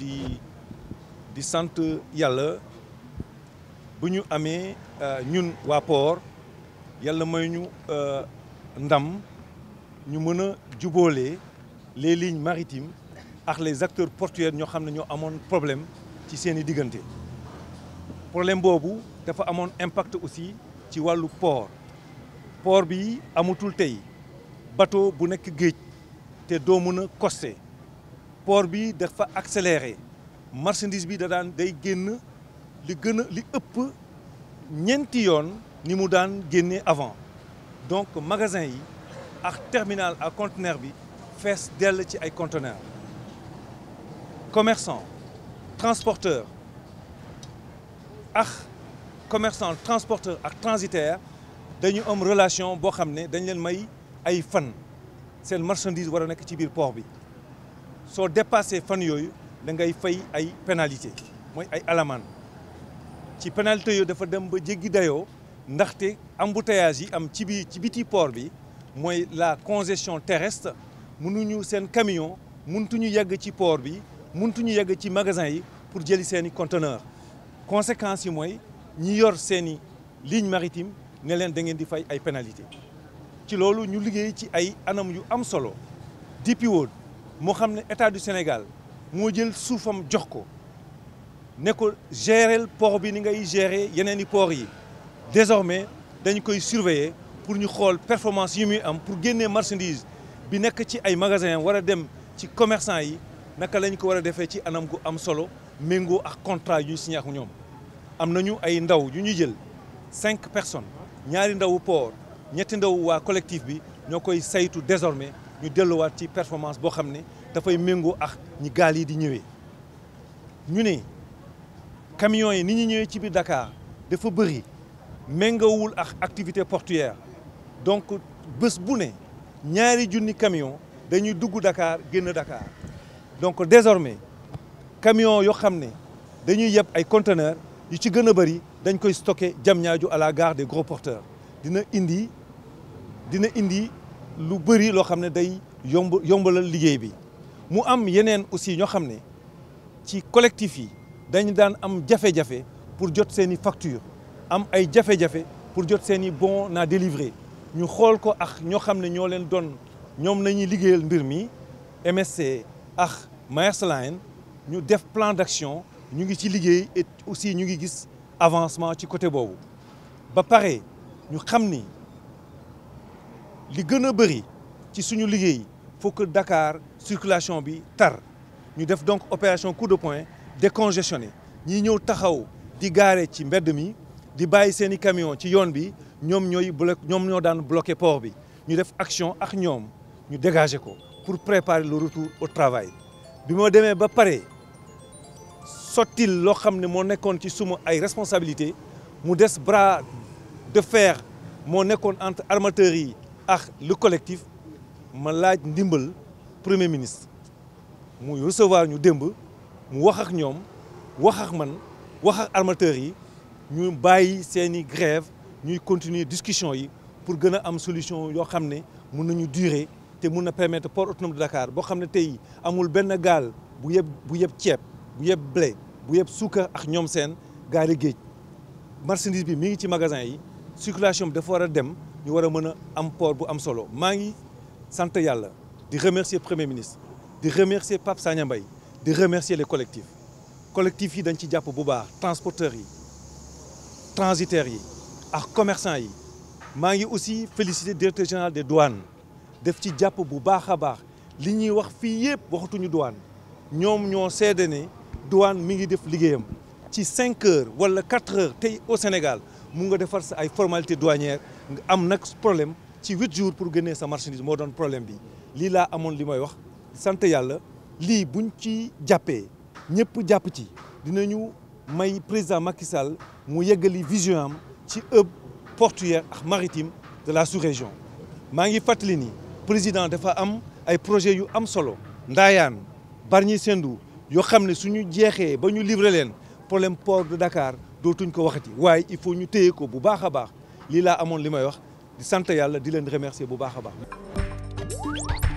di di sant yàlla bu ñu amee euh, ñun waa port yàlla may ñu euh, ndam ñu mën a juboolee les ligne maritime ak les acteurs portuaires ñoo xam ne ñoo amoon problème ci seeni diggante problème boobu dafa amoon impact aussi ci wàllu port port bi amatul tey bateau bu nekk géej te doo mën costé port bi dafa accéléré marchandise bi da daan day génn li gën a li ëpp ñenti yoon ni mu daan génne avant donc magasin yi ak terminal à conteneur bi fees dell ci ay conteneur commerçant transporteur ak commerçant transporteur ak transitaire dañu am relation boo xam ne dañ leen may ay fan seen marchandise war a nekk ci biir port bi soo dépassé fan yooyu da ngay fay ay pénalité mooy ay alamaan ci pénalité yooyu dafa dem ba jéggi dayoo ndaxte embouteillage yi am ci biir ci biti port bi mooy la congestion munu mënuñu seen camion mëntuñu yegg ci poor bi mun mëntuñu yegg ci magasin yi pour jëli seen i conteneur conséquence yi mooy ñi yor seeni i ligne maritime ne leen da ngeen di fay ay pénalité ci loolu ñu liggéey ci ay anam yu am solo DP World moo xam ne état du Sénégal moo jël suufam jox ko ne ko géreel port bi ni ngay gérer yeneen i port yi désormais dañ koy surveiller pour ñu xool performance yi muy am pour génnee marchandise bi nekk ci ay magasin war a dem ci commerçant yi naka lañ ko war a defee ci anam gu am solo méngoo ak contrat yu ñu signé ñoom am nañu ay ndaw yu ñu jël cinq personnes ñaari ndaw port ñetti ndaw waa collectif bi ñoo koy saytu désormais ñu delluwaat ci performance boo xam ne dafay méngoo ak ñi gaal yi di ñëwee ñu ne camions yi ni ñu ñëwee ci biir dakaar dafa bëri méngoowul ak activité portuaire donc bës bu ne ñaari junni camion dañuy dugg Dakar génn Dakar donc désormais camion yoo xam ne dañuy yeb ay conteneurs yu ci gën a bëri dañ koy stocké Diamniadio à la gare des gros porteurs dina indi dina indi lu bëri loo xam ne day yomb yombalal liggéey bi mu am yeneen aussi ñoo xam ne ci collectif yi dañu daan am jafe-jafe pour jot seen i facture am ay jafe-jafe pour jot seen i bon à délivrer ñu xool ko ak ñoo xam ne ñoo leen doon ñoom nañuy liggéeyal mbir mi MSC ak Maersk ñu def plan d'action ñu ngi ci liggéey aussi ñu ngi gis avancement ci côté boobu ba pare ñu xam ni li gën a bëri ci suñu liggéey faut que Dakar circulation bi tar ñu def donc opération coup de poing décongestionné ñi ñëw taxaw di gaare ci mbedd mi di bàyyi seen i camion ci yoon bi ñoom ñooy blo ñoom ñoo daan bloqué port bi ñu def action ak ñoom ñu dégager ko pour préparer le retour au travail bi moo demee ba pare sottil loo xam ne moo nekkoon ci suma ay responsabilité mu des bras de fer moo nekkoon entre armateurs yi ak le collectif ma laaj ndimbal premier ministre muy recevoir ñu démb mu wax ak ñoom wax ak man wax ak armateurs yi ñu bàyyi seeni grève ñuy continuer discussion yi pour gën a am solution yoo xam ne mun nañu durer te mun na permettre port autonome de Dakar boo xam ne tey amul benn gaal bu yeb bu yeb ceeb bu yeb blé bu yeb suukar ak ñoom seen gaari géej marchandise bi mi ngi ci magasin yi circulation bi dafa war a dem ñu war a mën a am port bu am solo maa ngi sant yàlla di remercier premier ministre di remercier Pape Sagna Mbaye di remercier les collectifs collectifs yi dañ ci jàpp bu baax transporteurs yi transitaires yi ak commerçants yi maa ngi aussi féliciter directeur général des douanes def ci jàpp bu baax a baax li ñuy wax fii yëpp waxatuñu douane ñoom ñoo seede ne douane mi ngi def liggéeyam ci cinq heures wala quatre heures tey au Sénégal mu nga defar sa ay formalités douanières nga am nag problème ci huit jours pour génnee sa marchandise moo doon problème bi lii laa amoon li may wax sant yàlla lii buñ ci jàppee ñëpp jàpp ci dina dinañu may président Macky Sall mu yeggali vision am ci hub portuaire ak maritime de la sous maa ngi fàttali ni président dafa am ay projet yu am solo ndaayaanu Ndayane Bargny Sendou yoo xam ne suñu jeexee ba ñu livré leen problème port de Dakar dootuñ ko waxati waaye il faut ñu téye ko bu baax a baax lii laa amoon li may wax di sant yàlla di leen remercier bu baax a baax